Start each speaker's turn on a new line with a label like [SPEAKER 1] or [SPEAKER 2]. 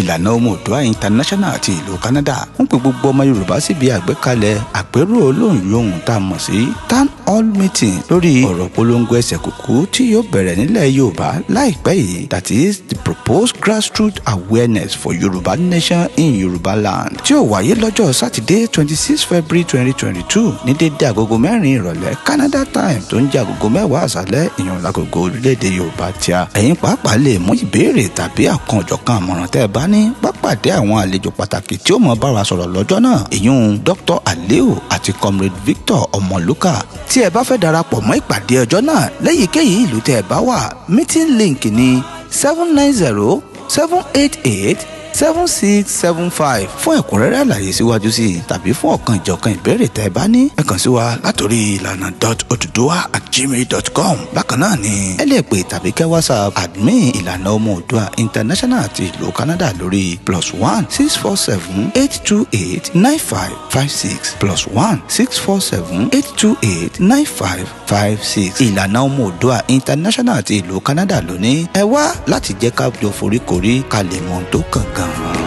[SPEAKER 1] ìlànà ọmọ òdua international ti ìlú Canada ń pè gbogbo ọmọ Yorùbá síbi àgbékalẹ̀ àpérò olóhùn yòhùn tá a mọ̀ sí tan all meeting lórí ọ̀rọ̀ polongo ẹsẹ̀ kúkú tí yóò bẹ̀rẹ̀ nílẹ̀ yorùbá láìpẹ́ yìí that is the proposed grassroots awareness for yorùbá nation in yorùbá land tí ó wáyé lọ́jọ́ sátidé twenty six february twenty twenty two ní dédé agogo mẹ́rin ìrọ̀lẹ́ canada time tó ń jẹ́ agogo mẹ́wàá àṣálẹ́ ìyọ̀nlá agogo orílẹ̀-èdè yorùbá tíá ẹ̀yin pàápàá lè mú ìbéèrè tàbí àkànjọ̀kan àmọ̀ràn tẹ́ ẹ bá ní pápàdé àwọn àlejò pàtàkì tí ó mọ̀ bá wa sọ̀rọ̀ lọ́jọ́ náà ìyún dr aliu àti comrade victor ọmọlúkà tí tí ẹ bá fẹ́ darapọ̀ mọ́ ìpàdé ọjọ́ náà lẹ́yìíkéyìí ìlú tẹ́ ẹ bá wà meeting link ni seven nine zero seven eight eight seven six seven five fún ẹ̀kúnrẹ́rẹ́ àlàyé síwájú sí i tàbí fún ọ̀kan ìjọ̀kan ìbéèrè tẹ́ ẹ bá ní ẹ kàn sí wa látòrí ìlànà dot oduduwa at gmail dot com bákan náà ni ẹ lè pè tàbí kẹ́ whatsapp admin ìlànà ọmọ òdua international àti ìlú Canada lórí plus one six four seven eight two eight nine five five six plus one six four seven eight two eight nine five five six ìlànà ọmọ òdua international àti ìlú Canada lónìí ẹ wá láti jẹ́ ká jọ foríkorí ká lè mọ tó kàn Bye.